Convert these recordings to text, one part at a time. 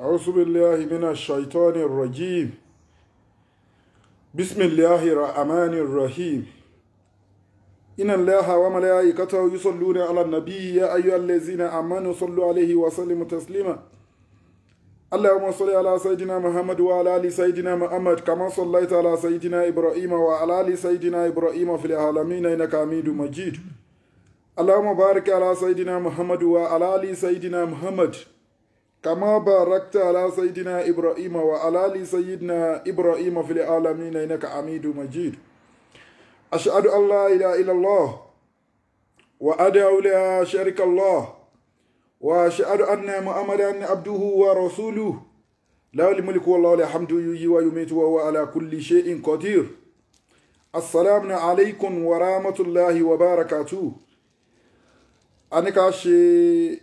أعوذ بالله من الشيطان الرجيم بسم الله الرحمن الرحيم إن الله وملائكته يصلون على النبي يا أيها الذين آمنوا صلوا عليه وسلموا تسليما اللهم صل على سيدنا محمد وعلى آل سيدنا محمد كما صليت على سيدنا إبراهيم وعلى آل سيدنا إبراهيم في العالمين إنك حميد مجيد اللهم بارك على سيدنا محمد وعلى آل سيدنا محمد كما باركت على سيدنا إبراهيم وعلى سيدنا إبراهيم في العالمين إنك عميد مجيد أشهد أن لا إله إلا الله وأدعو لا شريك الله وأشهد أن محمدا عبده ورسوله لا الملك والله الحمد يحيي ويميت وهو على كل شيء قدير السلام عليكم ورحمة الله وبركاته أنا أشي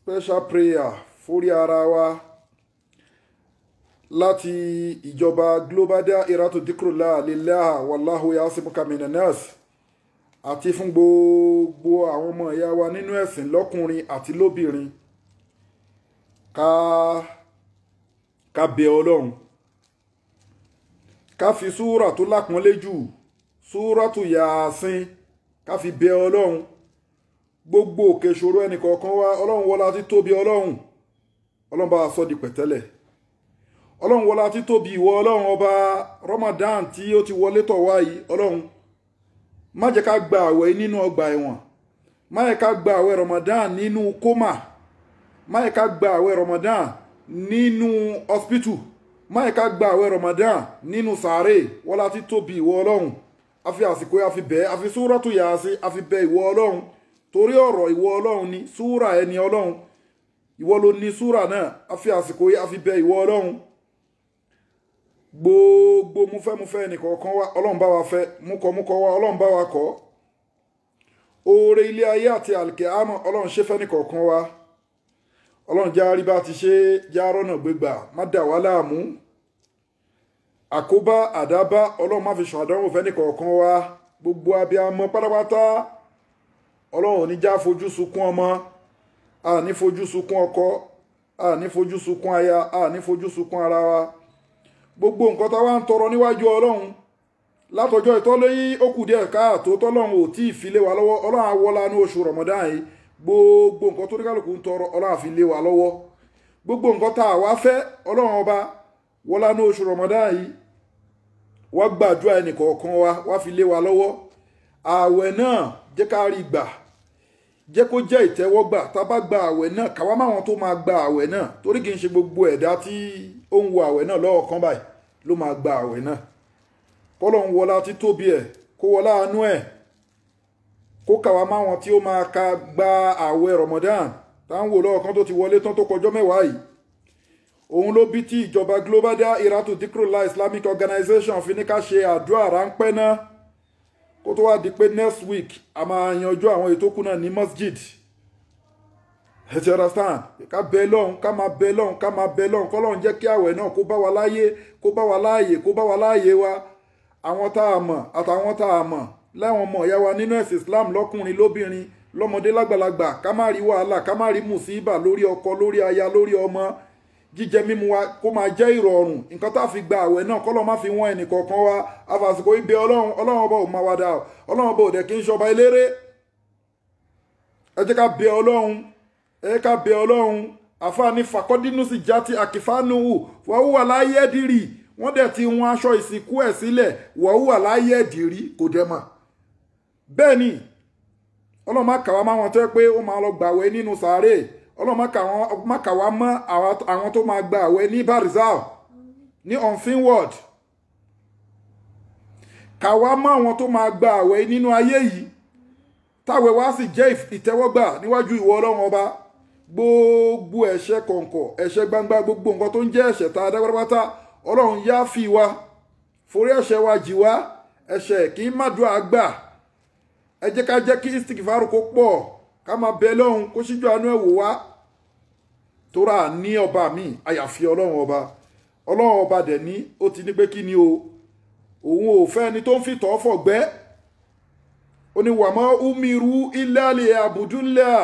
special prayer forí ara wa láti ìjọba global dahiratu dhikrullah lillah wallahu yasimuka minan nas àti fún gbogbo àwọn ọmọ ìyá wa nínú ẹ̀sìn lọ́kùnrin àti lóbìnrin ká ká bẹ ọlọ́run ká fi súúrà tó lápọ́nlé jù súúrà tó yàásín ká fi bẹ ọlọ́run gbogbo òkè ṣòro ẹnìkọ̀ọ̀kan wa ọlọ́run wọlá ti tóbi ọlọ́run ọlọ́run bá sọ di pẹ̀tẹ́lẹ̀ ọlọ́run wọlá títóbi ìwọ ọlọ́run ọba Ramadan tí ó ti wọlé tọ̀ wá yìí ọlọ́run má jẹ́ ká gba àwẹ̀ nínú ọgbà ẹ̀wọ̀n má jẹ́ ká gba àwẹ̀ Ramadan nínú kómà má jẹ́ ká gba àwẹ̀ Ramadan nínú hospital má jẹ́ ká gba àwẹ̀ Ramadan nínú sàárè wọlá títóbi ìwọ ọlọ́run àfi àsìkò àfi bẹ́ẹ̀ àfi súrọ́tù yàá sí àfi bẹ ìwọ ọlọ́run torí ọ̀rọ̀ ìwọ ọlọ́run ni súrà ẹni ọlọ́run ìwọ ló ní súrà náà a fi àsìkò yìí a fi bẹ ìwọ ọlọ́run gbogbo mufẹ́mufẹ́ ẹnìkọ̀ọ̀kan wa ọlọ́run bá wa fẹ́ múkọmúkọ wa ọlọ́run bá wa kọ́ oore ilé ayé àti àlìkíyámà ọlọ́run ṣe fẹ́nìkọ̀ọ̀kan wa ọlọ́run já rí bá ti ṣe já rọ́nà gbégbà má dà wá láàmú àkóbá àdábá ọlọ́run má fi sùn àdánwò fẹ́nìkọ̀ọ̀kan wa gbogbo abiyamọ pátápátá ọlọ́run ò ní já fojú sunkún ọmọ a ní fojú sunkún ọkọ a ní fojú sunkún aya a ní fojú sunkún ara wa gbogbo nǹkan tá a wá ń tọrọ níwájú ọlọ́run látọjọ́ ìtọ́lẹ́yìn ó kù díẹ̀ káàtó tọ́lọ́run ò tí ì fi lé wa lọ́wọ́ ọlọ́run awọ́lá ní oṣù rọ̀mọ́dán yìí gbogbo nǹkan tó ní kálukú ń tọrọ ọlọ́run àfi lé wa lọ́wọ́ gbogbo nǹkan tá a wá fẹ́ ọlọ́run ọba wọ́lá ní oṣù rọ̀mọ́dán yìí wá gbàdúrà ẹnìkọ̀ọ̀kan wa wá fi lé wa lọ́wọ́ ààwẹ̀ náà jẹ́ ká rí gbà jẹ́ kó jẹ́ ìtẹ́wọ́gbà tá a bá gba àwẹ̀ náà káwá máwọn tó máa gba àwẹ̀ náà torí kì í ṣe gbogbo ẹ̀dá tí ó ń wo àwẹ̀ náà lọ́wọ́ kan báyìí ló máa gba àwẹ̀ náà kọ́lọ̀ ń wọlá títóbi ẹ̀ kó wọlá àánú ẹ̀ kó káwá máwọn tí ó máa ka gba àwẹ̀ Ramadan tá à ń wò lọ́wọ́ kan tó ti wọlé tán tó kọjọ́ mẹ́wàá yìí òun ló bí tí ìjọba Global Dahiratu Dhikrlahi Islamic Organization fi ní ká ṣe àdúrà ráńpẹ́ náà kó tó wá di pé next week a máa yanjú àwọn ètò kù náà ní masjid ẹ ti understand ká bẹ lọ́hún ká máa bẹ lọ́hún ká máa bẹ lọ́hún kọ́lọ́hún jẹ́ kí àwẹ̀ náà kó bá wa láyé kó bá wa láàyè kó bá wa láàyè wa àwọn tá a mọ̀ àtàwọn tá a mọ̀ láwọn ọmọ ìyá wa nínú ẹ̀sìn Islam lọ́kùnrin lóbìnrin lọ́mọdé lágbàlagbà ká má rí wàhálà ká má rí mùsíbà lórí ọkọ lórí aya lórí ọmọ jíjẹ mímu wa kó máa jẹ́ ìrọ̀rùn nǹkan tá a fi gba àwẹ̀ náà kọ́lọ́ má fi wọ́n ẹnì kọ̀ọ̀kan wa àfàsìkò ibẹ̀ ọlọ́run ọlọ́run ọba ò máa wá dà ọ́ ọlọ́run ọba ò dẹ̀ kí ń ṣọba eléré ẹ jẹ́ ká bẹ ọlọ́run ẹ jẹ́ ká bẹ ọlọ́run àfààní fàkọ́dínú sì já ti àkìfánuwù wàhùwà láyé ẹ̀dìrì wọ́n dẹ̀ ti wọn aṣọ ìsìnkú ẹ̀ sílẹ̀ wàhùwà láyé ẹ̀dìrì kò dẹ̀ mà bẹ́ẹ̀ ni ọlọ́run má kàwá máa wọn tẹ́ pé ó máa lọ gbàwẹ̀ nínú sàárè ọlọ́run má kà wá mọ́ àwọn tó máa gba àwẹ̀ ní barzal ní onfinward kà wá mọ́ àwọn tó máa gba àwẹ̀ nínú ayé yìí táwẹ̀ wá sì jẹ́ ìtẹ́wọ́gbà níwájú ìwọ ọlọ́run ọba gbogbo ẹ̀ṣẹ̀ kọ̀ǹkọ̀ ẹ̀ṣẹ̀ gbangba gbogbo nǹkan tó ń jẹ́ ẹ̀ṣẹ̀ tá a dá ọlọ́run yá fi wa forí ẹ̀ṣẹ̀ wa jì wá ẹ̀ṣẹ̀ kì í mádùá gbà ẹ jẹ́ ká jẹ́ kí istik faru pọ̀ ká máa bẹ lọ́hùn kó síjú àánú ẹ̀ wá tóra ní ọba mi àyàfi ọlọ́run ọba ọlọ́run ọba dẹ̀ ní ó ti ní pé kí ni o òun ò fẹ́ ẹni tó ń fi tọ́ fọ̀gbẹ́ ó ní wàmọ́ umiru ilẹ̀ abudulẹ̀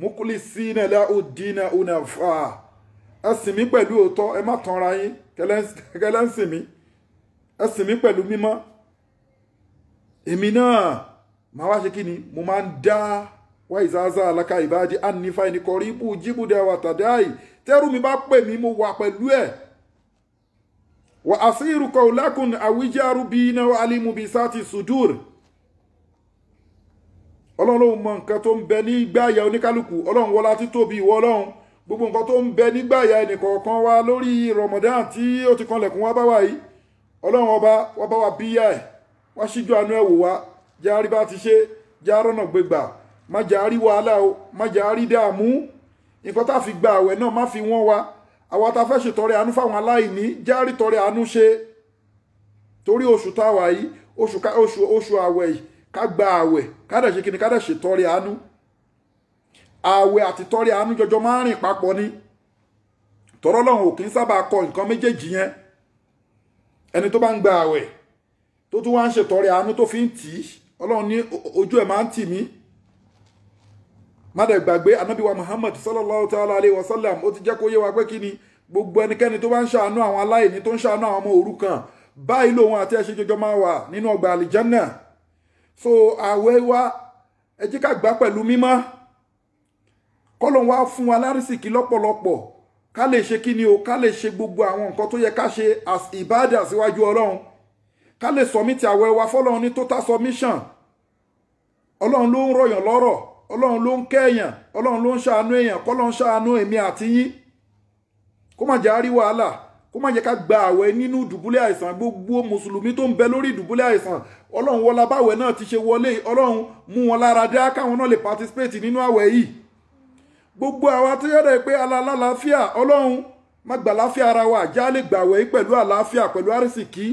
mukulisina laudina unafa ẹ sìn mí pẹ̀lú òótọ́ ẹ má tanra yín kẹlẹ́ ń sìn mí ẹ sìn mí pẹ̀lú mímọ́ èmi náà màá wá ṣe kí ni mo máa ń dá wá ìzáza alaka ìbáàdì ànífà ẹnìkọrí ibú jíbùdẹ wà tàdáì tẹrù mi bá pè mí mo wà pẹ̀lú ẹ̀ wà àsírù qawlakum àwíjàrú bí iná alimu bí sáti sudur ọlọ́run mọ nǹkan tó ń bẹ ní gbáyà oníkálukú ọlọ́run wọlá títóbi ìwọ ọlọ́run gbogbo nǹkan tó ń bẹ nígbàyà ẹnìkọ̀ọ̀kan wa lórí Ramadan tí ó ti kanlẹ̀kùn wá bá wa yìí ọlọ́run ọba wá bá wa bíyà ẹ̀ wá síjú àánú ẹ̀ wò wá járí bá ti ṣe járọ̀nà gbégbà má jà á rí wàhálà o má jà á rí dààmú nǹkan tá a fi gba àwẹ̀ náà má fi wọ́n wa àwa tá a fẹ́ ṣètọrẹ àánú fáwọn aláìní járí tọrẹ àánú ṣe torí oṣù tá a wà yìí oṣù oṣù oṣù àwẹ̀ yìí ká gba àwẹ̀ ká dẹ̀ ṣe kí ni ká dẹ̀ ṣètọrẹ àánú àwẹ̀ àti tọrẹ àánú jọjọ máa ń rìn papọ̀ ni tọrọ lọ́hùn ò kì í sábà kọ nǹkan méjèèjì yẹn ẹni tó bá ń gba àwẹ̀ tó tún wá ń ṣètọrẹ àánú tó fi ń tì í ọlọ́run ní ojú ẹ̀ máa ń tì mí má dẹ̀ gbàgbé anabiwa muhammad sallallahu ta'ala alayhi wa sallam ó ti jẹ́ kó yé wa pé kí ni gbogbo ẹnikẹ́ni tó bá ń ṣàánú àwọn aláìní tó ń ṣàánú àwọn ọmọ òrukàn báyìí lòun àti ẹṣin jọjọ máa wà nínú ọgbà àlìjánà so àwẹ̀ wa ẹ jẹ́ ká gbà pẹ̀lú mímọ́ kọ́lọ́n wa fún wa lárísìkí lọ́pọ̀lọpọ̀ ká lè ṣe kí ni o ká lè ṣe gbogbo àwọn nǹkan tó yẹ ká ṣe as ìbáàdà síwájú ọlọ́run ká lè sọmí ti àwẹ̀ wa fọ́lọ́run ní total submission ọlọ́run ló ń rọ̀yàn lọ́rọ̀ ọlọ́run ló ń kẹ́yàn ọlọ́run ló ń ṣàánú èèyàn kọ́lọ́run ṣàánú èmi àti yín kó má jẹ́ àrí wàhálà kó má jẹ́ ká gba àwẹ̀ nínú ìdùbúlẹ̀ àìsàn gbogbo mùsùlùmí tó ń bẹ lórí ìdùbúlẹ̀ àìsàn ọlọ́run wọlá báwẹ̀ náà ti ṣe wọlé ọlọ́run mú wọn lára dá káwọn náà lè participate nínú àwẹ̀ yìí gbogbo àwa tó yọ̀dọ̀ pé alálàáfíà ọlọ́run má gbà láfíà ara wa já lè gbàwẹ̀ pẹ̀lú àlàáfíà pẹ̀lú àrísìkí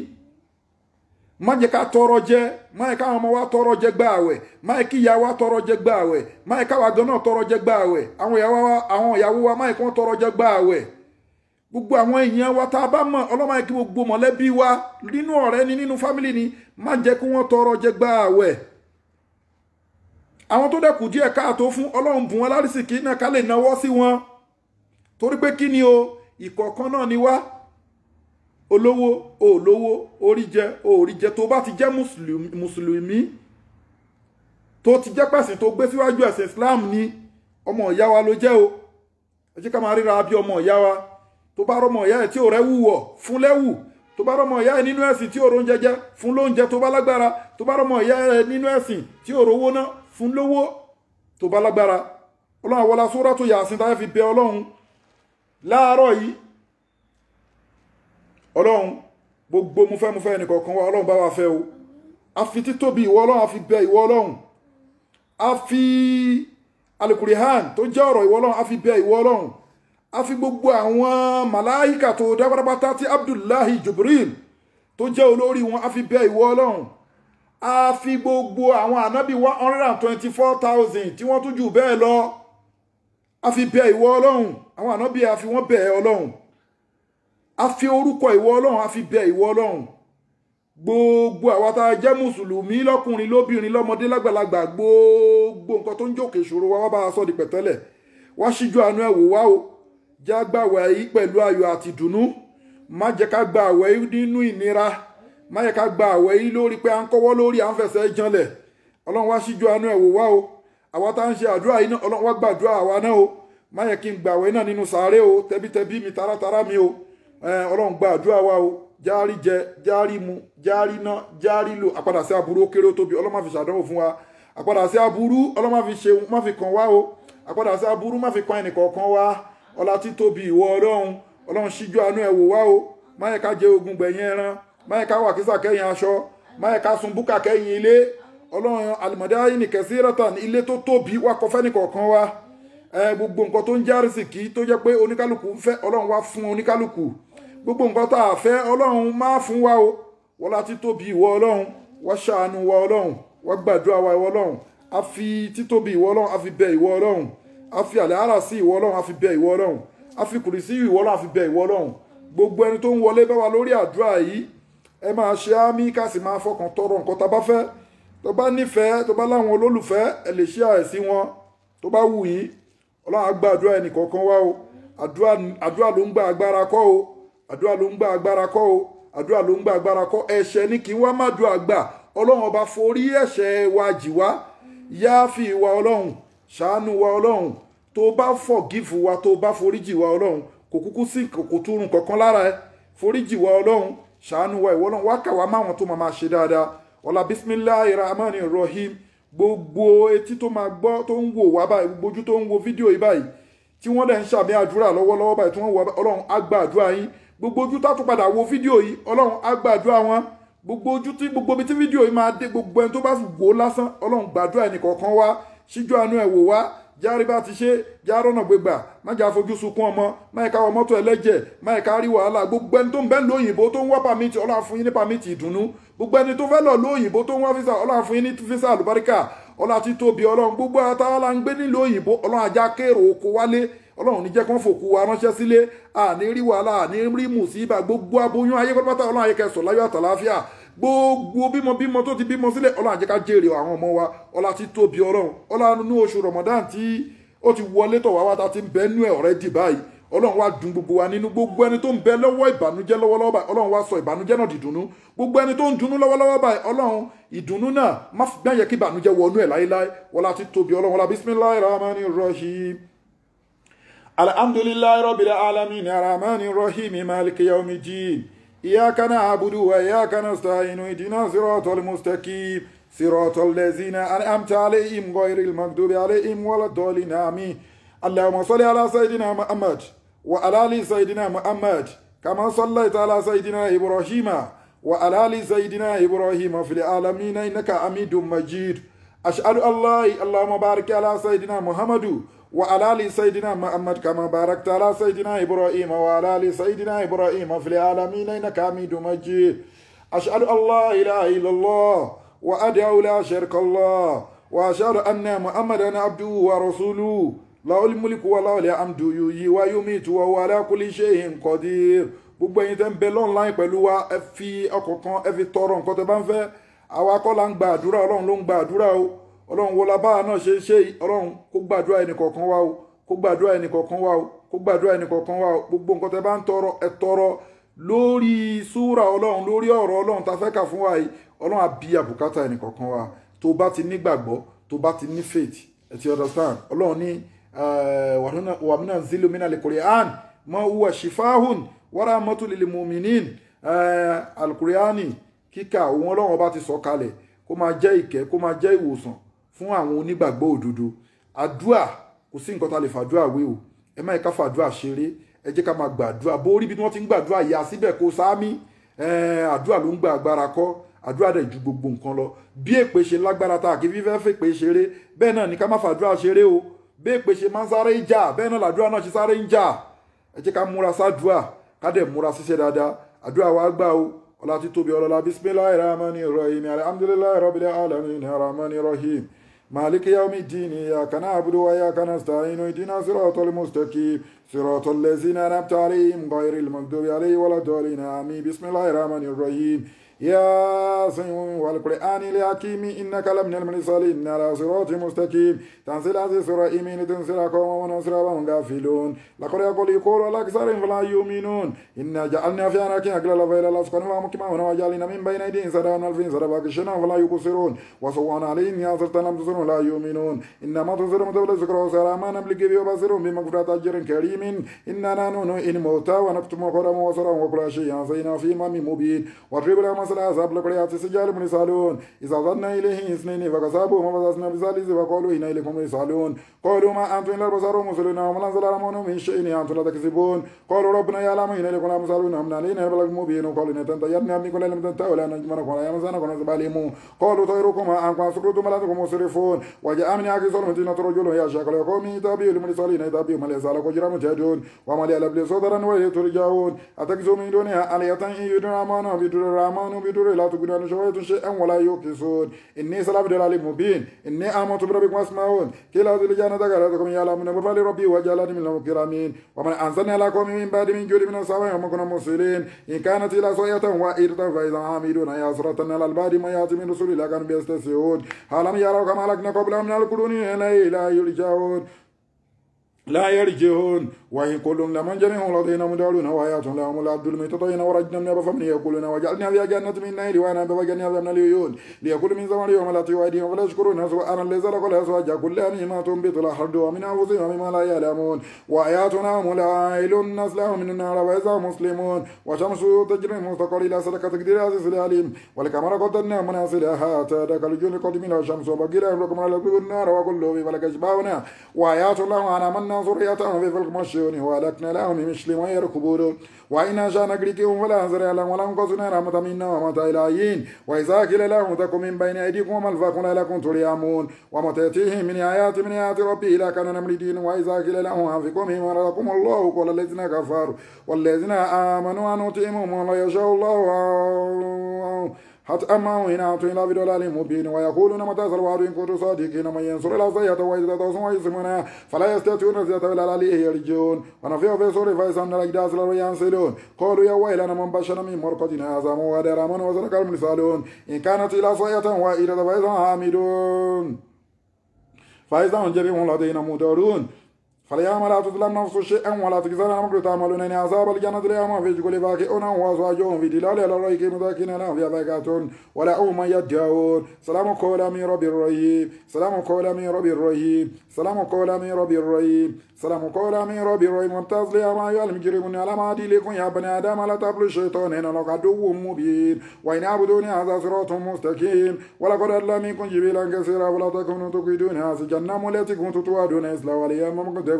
má jẹ́ ká tọrọ jẹ má jẹ́ káwọn ọmọ wa tọrọ jẹ gba àwẹ̀ má jẹ́ kí ìyá wa tọrọ jẹ gba àwẹ̀ má jẹ́ káwa náà tọrọ jẹ gba àwẹ̀ àwọn ìyàwó wa àwọn ìyàwó wa má jẹ́ kí wọ́n tọrọ jẹ gba àwẹ̀ gbogbo àwọn èèyàn wa tá a bá mọ̀ ọlọ́mọ yẹn kí gbogbo mọ̀lẹ́bí wa nínú ọ̀rẹ́ ni nínú fámìlì ni má jẹ́ kí wọ́n tọrọ jẹ gba àwẹ̀ àwọn tó dẹ̀kù díẹ̀ káàtó fún ọlọ́run bùn wọn lárísìkí náà ká lè náwó sí wọn torí pé kí ni o ìkọ̀ọ̀kan náà ni wá olówó olówó orí jẹ orí jẹ tó bá ti jẹ́ mùsùlùmí tó ti jẹ́ pẹ̀sìn tó gbé síwájú ẹ̀sìn Islam ni ọmọ ìyá wa ló jẹ́ o ẹ jẹ́ ká máa ríra bí ọmọ ìyá wa tó bá rọmọ ìyá ẹ̀ tí ò rẹ́wù wọ̀ fún lẹ́wù tó bá rọmọ ìyá ẹ̀ nínú ẹ̀sìn tí ò róúnjẹ jẹ fún lóúnjẹ tó bá lágbára tó bá rọmọ ìyá ẹ̀ nínú ẹ̀sìn tí ò rówó fún lówó tó bá lágbára ọlọ́run àwọn lásúrà tó yà á sin táyà fi bẹ ọlọ́run láàárọ̀ yìí ọlọ́run gbogbo mo fẹ́ mo fẹ́ ẹnìkọ̀ọ̀kan wa ọlọ́run bá wa fẹ́ o a fi títóbi ìwọ ọlọ́run a fi bẹ ìwọ ọlọ́run a fi alukurihan tó jẹ́ ọ̀rọ̀ ìwọ ọlọ́run a fi bẹ ìwọ ọlọ́run a fi gbogbo àwọn màláìkà tó dá tí abdullahi jubril tó jẹ́ olórí wọn a fi bẹ ìwọ ọlọ́run a fi gbogbo àwọn ànábì one hundred and twenty four thousand tí wọ́n tún jù bẹ́ẹ̀ lọ a fi bẹ ìwọ ọlọ́run àwọn ànábì a fi wọ́n bẹ ọlọ́run a fi orúkọ ìwọ ọlọ́run a fi bẹ ìwọ ọlọ́run gbogbo àwa tá a jẹ́ mùsùlùmí lọ́kùnrin lóbìnrin lọ́mọdé lágbàlagbà gbogbo nǹkan tó ń jòkè ìṣòro wa wá bá a sọ di pẹ̀tẹ́lẹ̀ wá síjú àánú ẹ̀ wò wá o já gbàwẹ̀ yìí pẹ̀lú ayọ̀ àti ìdùnnú má jẹ́ ká gba àwẹ̀ yìí nínú ìnira má jẹ́ ká gba àwẹ̀ yìí lórí pé à ń kọ́wọ́ lórí à ń fẹsẹ̀ janlẹ̀ ọlọ́run wá síjú àánú ẹ̀ wò wá o àwa tá à ń ṣe àdúrà Eh, ọlọ́run gba àdúrà wa o járí jẹ járí mu járí ná járí lò àpadà sí aburú ó kéré ó tóbi ọlọ́run má fi ṣàdánwò fún wa àpadà sí aburú ọlọ́run má fi ṣe má fi kàn wá o àpadà sí aburú má fi kàn ẹnìkọ̀ọ̀kan wá ọlá títóbi ìwọ ọlọ́run ọlọ́run ṣíjú àánú ẹ̀ wò wá o má yẹ ká jẹ ogun gbẹ̀yìn ẹran má ká wà kísà kẹ́yìn aṣọ má ká sun búkà kẹ́yìn ilé ọlọ́run àlùmọ̀dá yìí nìkẹ́sí rẹ́tàn ilé tó tóbi wá kọfẹ́ nìkọ̀ọ̀kan wá gbogbo nǹkan tó ń jẹ́ àrísìkí tó jẹ́ pé oníkálukú ń fẹ́ ọlọ́run wá fún oníkálukú gbogbo nǹkan tá a fẹ́ ọlọ́run má fún wa o wọ́n la ti tóbi ìwọ ọlọ́run wá ṣàánú wa ọlọ́run wá gbàdúrà wa ìwọ ọlọ́run a fi títóbi ìwọ ọlọ́run a fi bẹ ìwọ ọlọ́run a fi àlàárà sí ìwọ ọlọ́run a fi bẹ ìwọ ọlọ́run a fi kùrì sí ìwọ ọlọ́run a fi bẹ ìwọ ọlọ́run gbogbo ẹni tó ń wọlé bá wa lórí àdúrà yìí ẹ máa ṣe àmì ká sì máa fọkàn tọrọ nǹkan tá a bá fẹ́ tó bá nífẹ̀ẹ́ tó bá láwọn olólùfẹ́ ẹ lè ṣe àìsí wọn tó bá wù yín ọlọ́run á gba àdúrà ẹnì kọ̀ọ̀kan wá o àdúrà ló ń gba agbára kọ́ o àdúrà ló ń gba agbára kọ́ o àdúrà ló ń gba agbára kọ́ ẹ̀ṣẹ̀ ni kì í wá má dùn àgbà ọlọ́run ọba forí ẹ̀ṣẹ̀ wa jì wá yááfì wa ọlọ́run ṣàánú wa ọlọ́run tó bá fọ̀gífù wa tó bá foríjì wa ọlọ́run kò kúkú sí kò tún rùn kankan lára ẹ foríjì wa ọlọ́run ṣàánú wa ìwọ ọlọ́run wákà wá máwọn tó máa ṣe dáadáa ọlá bismillahir gbogbo etí tó máa gbọ́ tó ń wò wá báyìí gbogbo ojú tó ń wo fídíò yìí báyìí tí wọ́n dẹ̀ ń ṣàmì àdúrà lọ́wọ́lọ́wọ́ báyìí tí wọ́n wò ọlọ́run á gba àdúrà yín gbogbo ojú tó tún padà wo fídíò yìí ọlọ́run á gba àdúrà wọn gbogbo ojú tí gbogbo ibi tí fídíò yìí máa dé gbogbo ẹni tó bá wò lásán ọlọ́run gbàdúrà ẹnì kọ̀ọ̀kan wá síjú àánú ẹ̀ wò wá járí bá ti ṣe járọ́nà gbégbà májà fojú sunkún ọmọ máìka wọ mọ́tò ẹlẹ́jẹ̀ máìka rí wàhálà gbogbo ẹni tó ń bẹ lóyìnbó tó ń wá pàmìtì ọlọ́run fún yín ní pàmìtì ìdùnnú gbogbo ẹni tó fẹ́ lọ lóyìnbó tó ń wá físà ọlọ́run fún yín ní físà àlùbáríkà ọlọ́run ti tóbi ọlọ́run gbogbo àtàwọn la ń gbé nílùú òyìnbó ọlọ́run ajá kérò oko wálé ọlọ́run ní jẹ́ kán fòkú wa ránṣẹ́ sílé àní rí wàhálà àní rí mùsíbà gbogbo aboyún ayé pátápátá ọlọ́run ayé kẹsàn-án láyọ̀ àtàláfíà gbogbo bímọbímọ tó ti bímọ sílẹ̀ ọlá àjẹká jèrè àwọn ọmọ wa ọlá ti tóbi ọlọ́run ọlá nínú oṣù Ramadan tí ó ti wọlé tọ̀ wá wá ta ti ń bẹ́nu ẹ̀ ọ̀rẹ́ dì báyìí ọlọ́run wá dùn gbogbo wa nínú gbogbo ẹni tó ń bẹ lọ́wọ́ ìbànújẹ́ lọ́wọ́lọ́wọ́ báyìí ọlọ́run wá sọ ìbànújẹ́ náà dìdùnnú gbogbo ẹni tó ń dunnú lọ́wọ́lọ́wọ́ báyìí ọlọ́run ìdùnnú náà má fi gbẹ́yẹ kí ìbànújẹ́ wọnú ẹ̀ láéláé wọlá ti tóbi ọlọ́run wọlá bisimilayi rahmani rahim alhamdulilayi rabbil alamin rahmani rahim maliki yaumijin إياك نعبد وإياك نستعين اهدنا صراط المستقيم صراط الذين أنعمت عليهم غير المغضوب عليهم ولا الضالين آمين اللهم صل على سيدنا محمد وعلى آل سيدنا محمد كما صليت على سيدنا إبراهيم وعلى آل سيدنا إبراهيم في العالمين إنك حميد مجيد أشهد الله اللهم بارك على سيدنا محمد وعلى ال سيدنا محمد كما باركت على سيدنا إبراهيم وعلى ال سيدنا إبراهيم في العالمين إنك حميد مجيد أشهد الله لا إله إلا الله وأدعو لا شرك الله وأشهد أن محمدا عبده ورسوله له الملك وله الحمد يحيي ويميت وهو على كل شيء قدير gbogbo ẹ̀yin tẹ́ ń bẹ lọ́nláì pẹ̀lú wa ẹ fi ọkọ̀ kan ẹ fi tọrọ nǹkan tẹ́ bá ń fẹ́ àwa kọ́ la ń gba àdúrà ọlọ́run ló ń gba àdúrà o ọlọ́run wo labára náà ṣe ṣe ọlọ́run kó gbàdúrà ẹnìkọ̀ọ̀kan wá o kó gbàdúrà ẹnìkọ̀ọ̀kan wá o kó gbàdúrà ẹnìkọ̀ọ̀kan wá o gbogbo nǹkan tẹ bá ń tọrọ ẹ tọrọ lórí súra ọlọ́run lórí ọ̀rọ̀ ọlọ́run ta fẹ́ kà fún wa yìí ọlọ́run á bí àbùkátà ẹnìkọ̀ọ̀kan wa tó bá ti nígbàgbọ́ tó bá ti ní faith ẹ ti understand ọlọ́run ní eh, wàmínà zilu mina al-Qur'an ma huwa shifahun wàrà mọ́tò lil mu'minin eh, al-Qur'ani kíkà òun ọlọ́run fún àwọn onígbàgbọ́ òdodo àdúà kò sí nǹkan tá a lè fàdúà wé o ẹ má yẹ ká fàdúà ṣeré ẹ jẹ́ ká máa gbàdúà bórí ibi tí wọ́n ti ń gbàdúà yà síbẹ̀ kó sáámi àdúà ló ń gba agbára kọ́ àdúrà dẹ̀ ju gbogbo nǹkan lọ bí èpè ṣe lágbára tá a kì í fífẹ́ fèpè ṣeré bẹ́ẹ̀ náà ní ká má fàdúrà ṣeré o bí èpè ṣe máa ń sáré jà bẹ́ẹ̀ náà làdúrà náà ṣe sáré ń jà ẹ jẹ́ ká múra sádùá ká dẹ̀ múra ṣiṣẹ́ dáadáa àdúrà wa gbà o ọlá títóbi ọlọ́lá bismillahir rahmanir rahim alhamdulillahi alamin arrahmanir مالك يوم الدين إياك نعبد وإياك نستعين اهدنا صراط المستقيم صراط الذين أنعمت عليهم غير المغضوب عليهم ولا الضالين آمين بسم الله الرحمن الرحيم يا سيون والقرآن الحكيم إنك لمن المرسلين على صراط مستقيم تنزل هذه السورة الرحيم تنزل قوم ونصر وهم غافلون لقد يقول يقول الأكثر فلا يؤمنون إنا جعلنا في أناك أقل لفيل مكما هنا وجعلنا من بين أيديهم سدان ألفين سدبا كشنا فلا يقصرون وصوانا عليهم يا سلطان لم تسرون لا يؤمنون إنما تسرون تبل سكر ما نبلغ بي وبصرون بمغفرة أجر كريم إننا نحن إن موتا ونكتم قدم وصرا وكل شيء سينا في إمام مبين واضرب لهم حصل أصحاب لقد أتس من سالون إذا ظن إليه اثنين فكسابوا وبزاسنا بثالث فقالوا إنا إليكم يسالون قالوا ما أنتم إلا البشر ومسلون وما أنزل على من شيء أنتم لا تكسبون قالوا ربنا يعلم إنا إليكم لا مسالون أمنا علينا بلغ مبين قالوا إن تنتهينا أبنكم لم تنتهوا لا نجمنكم ولا يمسنكم نزبالهم قالوا طيركم أنكم سكرتم لا تكم مسرفون وجاء من يعكس المدينة رجل يشاق لقومه تابعوا لمرسالين تابعوا ما ليس لكم صدرا من دونها كانوا بدور لا تقدرون شوية شيئا ولا يوكسون إني سلام دلال مبين إني آمنت بربكم واسمعون كلا ذي لجانا ذكرتكم يعلمون بفعل ربي وجعلني من المكرمين ومن أنزلنا لكم من بعد من جود من السماء وما كنا مرسلين إن كانت إلى صية وإردا فإذا عامدون يسرة على البعد ما يأتي من رسول الله كانوا بيستسيون ألم يروا كما لكنا قبلهم من القرون لا يرجعون لا يرجعون وهي كل لمن جميع الأرضين مدعون وآيات لهم العبد المتطين ورجنا من فمن يأكلون وجعلنا في جنة من نهر وأنا بفجنها من العيون ليأكل من زمان يوم لا تيوادهم ولا يشكرون سبحان الذي زرق خلق الأزواج كلها مما تنبت الأرض ومن أنفسهم مما لا يعلمون وآياتنا ملائل الناس لهم من النار وإذا مسلمون وشمس تجري مستقر إلى سلك تقدير عزيز العليم والكمر قدرنا منازلها تدك الجن قدم له الشمس وبقيل رقم النار وكله في فلك وآيات الله على من ناصر يأتهم في فلك مشي يهتدون وأهلكنا لهم بمثل ما يركبون وإن أشاء نغرقهم فلا أنزل لهم ولأنقذنا رحمة منا ومتى إلى حين وإذا قيل لهم تكن من بين أيديكم ومن فاكم لكم تريامون وما تأتيهم من آيات من آيات ربي إلا كان نمردين وإذا قيل لهم أنفقوا مما الله قال الذين كفروا والذين آمنوا أن ولا يشاء الله حتى أما إن أعطوا إلى بضلال مبين ويقولون متى سلوات إن كنتم صادقين من ينصر الأصية وإذ تدعسون ويسمنا فلا يستطيعون نزية ولا عليه يرجعون ونفيع في سور فايسا من الأجداس لروا ينسلون قالوا يا ويلنا من بشر من مرقدنا هذا مودر من وزرق المرسالون إن كانت الأصية وإذا فايسا حامدون فايسا من جبهم لدينا مدرون فلا يعمل تظلم نفس شيئا ولا تجزى نعمة تعملون إن عذاب الجنة رياما في جكل فاكئون وأزواجهم في ظلال على الريك مذاكين لهم فيها ذاكات ولا أم يدعون سلام قولا من رب الرحيم سلام قولا من رب الرحيم سلام قولا من رب الرحيم سلام قولا من رب الرحيم وامتاز لي ما يعلم جرمني على ما ديلكم يا بني آدم لا تبلوا الشيطان إن لك مبين وإن عبدوني هذا صراط مستقيم ولقد أدلى منكم جبيلا كثيرا ولا تكونوا تقيدون هذه الجنة التي كنتم توعدون إسلا وليا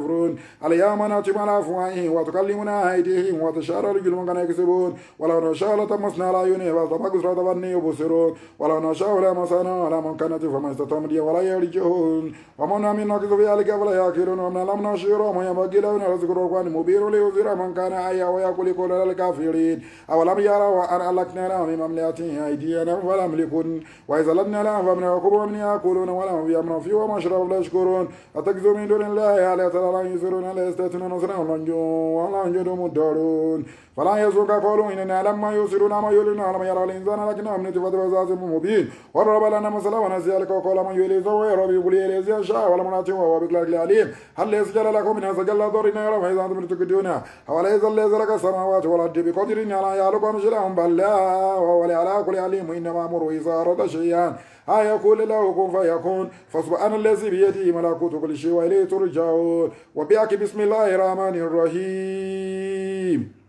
يكفرون اليوم نختم على أفواههم وتكلمنا أيديهم وتشعر رجلهم كان يكسبون ولو نشاء لطمسنا على عيونهم فالتفقوا صراط بني يبصرون ولو نشاء لمسنا على ممكنة فما استطعم لي ولا يرجعون ومن من نقص في ذلك فلا يأكلون ومن لم نشير وما ينبغي له أن يذكر القرآن مبين لينذر من كان أيا ويقول كل الكافرين أولم يروا أن أهلكنا لهم من مملئته أيدينا فلم يكن وإذا لدنا لهم فمن يقوم ومن يأكلون ولهم في أمر في وما لا يشكرون أتكذوا من دون الله آلهة ولا يسرون لا يستطيعون نصرا ولا يجدون مدارون فلا يسرك قولوا إننا لما يسرون ما يولون لما يرى الإنسان لكن أمن تفت بزاز مبين ورب لنا مثلا ونسي لك وقول من يولي سوى ربي يولي إليس يشاء ولا مناتي وهو بكلاك العليم هل ليس جل لكم من هسجل دورنا يرى فإذا أنتم تكدون وليس ليس لك السماوات والأرض بقدر على يعلق مشلهم بل لا وهو على كل إنما أمره إذا أراد شيئا أن يقول له كن فيكون فسبحان الذي بيده ملكوت كل شيء وإليه ترجعون وبيعك بسم الله الرحمن الرحيم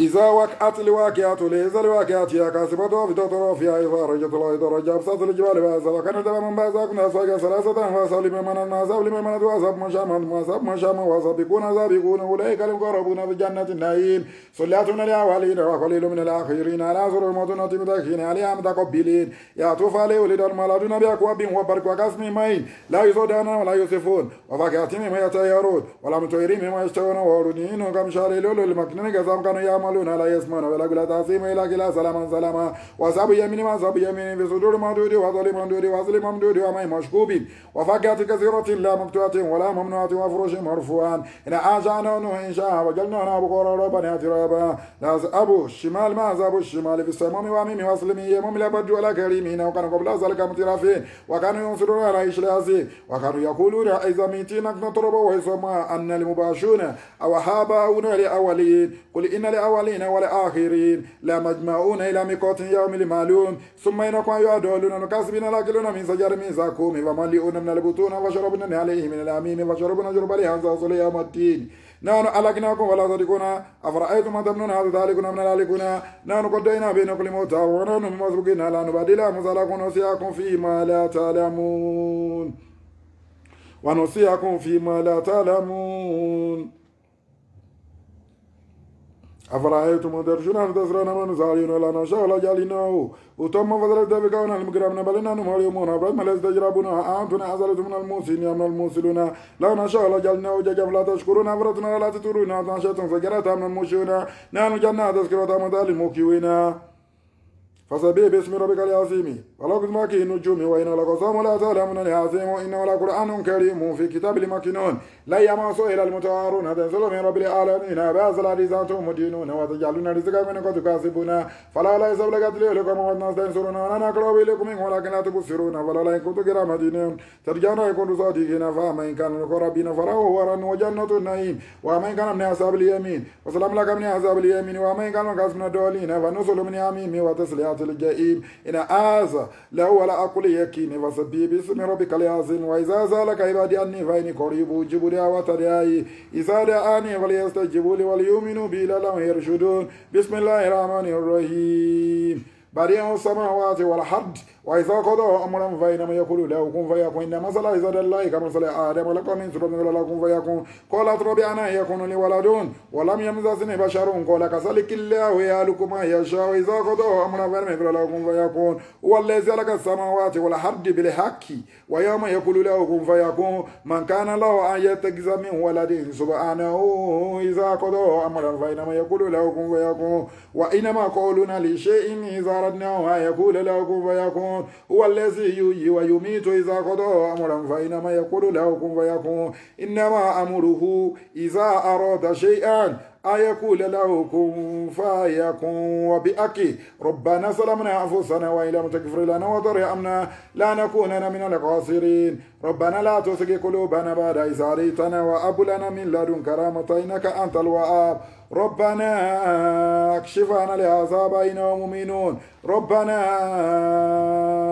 إذا وقعت الواقعة ليس الواقعة يا كاسبة في تطرى فيها إذا رجت الله إذا رجع أبسط الجبال بأسا وكان تمام بأسا كنا ساقا ثلاثة فأسأل لمن ما أسأل لمن وأسأل من شاما ما أسأل من شاما وأسبقون سابقون أولئك المقربون في جنة النعيم صلاة من الأولين وقليل من الآخرين على سرور مدنة متكئين عليها متقبلين يعطف عليه ولد الملادون بأكواب وبرك وكسم مين لا يصدعون ولا يصفون وفاكهة مما يتيارون ولا مطيرين مما يشتهون وأرنين كم شاري لولو المكنين كسام كانوا يعملون يعملون لا يسمعون ولا قل تعظيم إلا كلا سلاما سلاما وصاب يمين ما صاب يمين في صدور ما ممدود وظلم ممدود وظلم ممدود وما مشكوب وفاكهة كثيرة لا مقطوعة ولا ممنوعة وفروش مرفوعا إن أنشأنا إن شاء وجلنا وجعلنا بقرا ربنا ترابا لا أصحاب الشمال ما أصحاب الشمال في السماء وامين وسلم يمم لا بد ولا كريمين وكان قبل ذلك مترافين وكانوا ينصرون على ايش لازم وكانوا يقولون إذا ميتنا نطرب ويسمى أن المباشون أو حاباؤنا الأولين قل إن الأولين الأولين والآخرين لمجمعون إلى ميقات يوم المعلوم ثم إنكم أيها الدولون نكسبين لكلنا من شجر من زقوم وملئون من البطون وشربنا عليه من الأمين وشربنا جرب لهذا يوم الدين نحن ألقناكم ولا تدركونا أفرأيتم ما تمنون هذا ذلك من ذلكنا نحن قدينا بينكم الموتى ونحن مسبقين لا نبدل مزالكم وسياكم فيما لا تعلمون ونسيكم فيما لا تعلمون أفرأيتم ترشون أن تسرون من سالين ولا نشاء ولا جاليناه وتم فضلت بكون المكرمنا بل إنهم اليومون أفراد ما يستجربونها أنتم أزلتم من الموسين من الموسلون لا نشاء ولا جاليناه ججب لا تشكرون أفرادنا لا تترون أنتم شئتم من الموشون نحن جنات تذكرتها مدى للموكيوين فسبح باسم ربك العظيم ولقد ما كي النجوم وإن لقسم لا تعلمون العظيم ولا قرآن كريم في كتاب المكنون لا يمسوا إلى المتعارون تنزل من رب العالمين باز العزيز مدينون وتجعلون من قد تكاسبون فلا لا يسب لك لكم وقد والناس تنصرون وأنا أقرب إليكم ولكن لا تبصرون فلا لا إن كنتم غير مدينون ترجعون يكون صادقين فأما إن كان لكم ربنا فراه ورا وجنة النعيم وأما إن كان من أصحاب اليمين وسلام لك من أصحاب اليمين وأما إن كان من كاسب الدولين فنصل من يمين وتسليات سكرات الجحيم إن آز لو ولا أقول يكيني وسبي باسم ربك العظيم وإذا سألك عبادي أني فإني قريب أجيب دعوة داعي إذا دعاني فليستجيبوا لي وليؤمنوا بي لعلهم يرشدون بسم الله الرحمن الرحيم بريء السماوات والحد وإذا قضى أمرا فإنما يقول له كن فيكون إن مثل عباد الله كمثل آدم خلق من تراب قال كن فيكون قالت رب أنا يكون لي ولد ولم يمسسني بشر قال كذلك الله يهلك ما يشاء إذا قضى أمرا فإنما يقول له كن فيكون هو الذي خلق السماوات والأرض بالحق ويوم يقول له كن فيكون من كان له أن يتخذ من ولد سبحانه إذا قضى أمرا فإنما يقول له كن فيكون وإنما قولنا لشيء إذا أردناه يقول له كن فيكون يكون هو الذي يحيي ويميت إذا قضى أمرا فإنما يقول له كن فيكون إنما أمره إذا أراد شيئا أن يقول له كن فيكون وبأكي ربنا سلمنا أنفسنا متكفر لنا وضر أمنا لا نكوننا من الخاسرين ربنا لا تزغ قلوبنا بعد إذ هديتنا وهب لنا من لدنك رحمة إنك أنت الوهاب ربنا اكشف عنا العذاب إنهم مؤمنون ربنا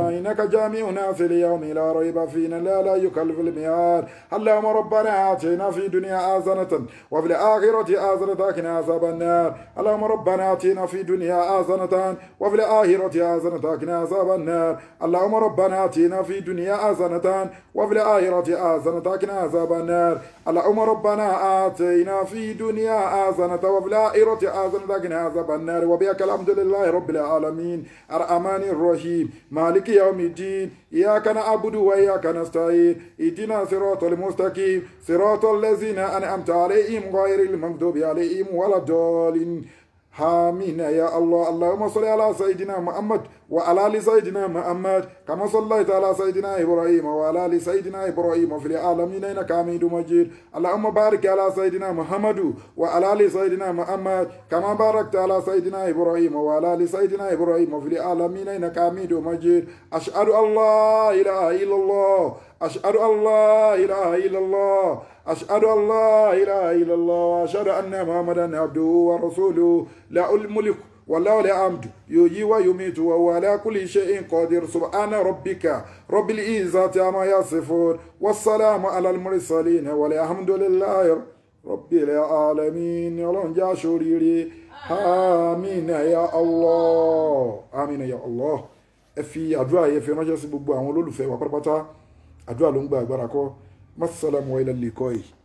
إنك جامع الناس ليوم لا ريب فينا لا لا يكلف الميعاد اللهم ربنا آتنا في الدنيا آزنة وفي الآخرة آزنة وقنا عذاب النار اللهم ربنا آتنا في الدنيا آزنة وفي الآخرة آزنة وقنا عذاب النار اللهم ربنا آتنا في الدنيا آزنة وفي الآخرة حسنة وقنا عذاب النار اللهم ربنا آتينا في دنيا آسنة وفي الآخرة آسنة وقنا عذاب النار وبيك الحمد لله رب العالمين الرحمن الرحيم مالك يوم الدين إياك نعبد وإياك نستعين اهدنا صراط المستقيم صراط الذين أنعمت عليهم غير المغضوب عليهم ولا الضالين حامين يا الله اللهم صل على سيدنا محمد وعلى ال سيدنا محمد كما صليت على سيدنا ابراهيم وعلى ال سيدنا ابراهيم في العالمين انك حميد مجيد اللهم بارك على سيدنا محمد وعلى ال سيدنا محمد كما باركت على سيدنا ابراهيم وعلى ال سيدنا ابراهيم في العالمين انك حميد مجيد اشهد ان لا اله الا الله اشهد ان لا اله الا الله أشهد أن لا إله إلا الله وأشهد أن محمدا عبده ورسوله لا الملك ولا الحمد يجي ويميت وهو على كل شيء قدير سبحان ربك رب العزة عما يصفون والسلام على المرسلين والحمد لله رب العالمين يلون يا شريري آمين يا الله آمين يا الله في fi في yẹn fi ránṣẹ́ sí gbogbo àwọn olólùfẹ́ wa pátápátá مع السلامة وإلى اللقاء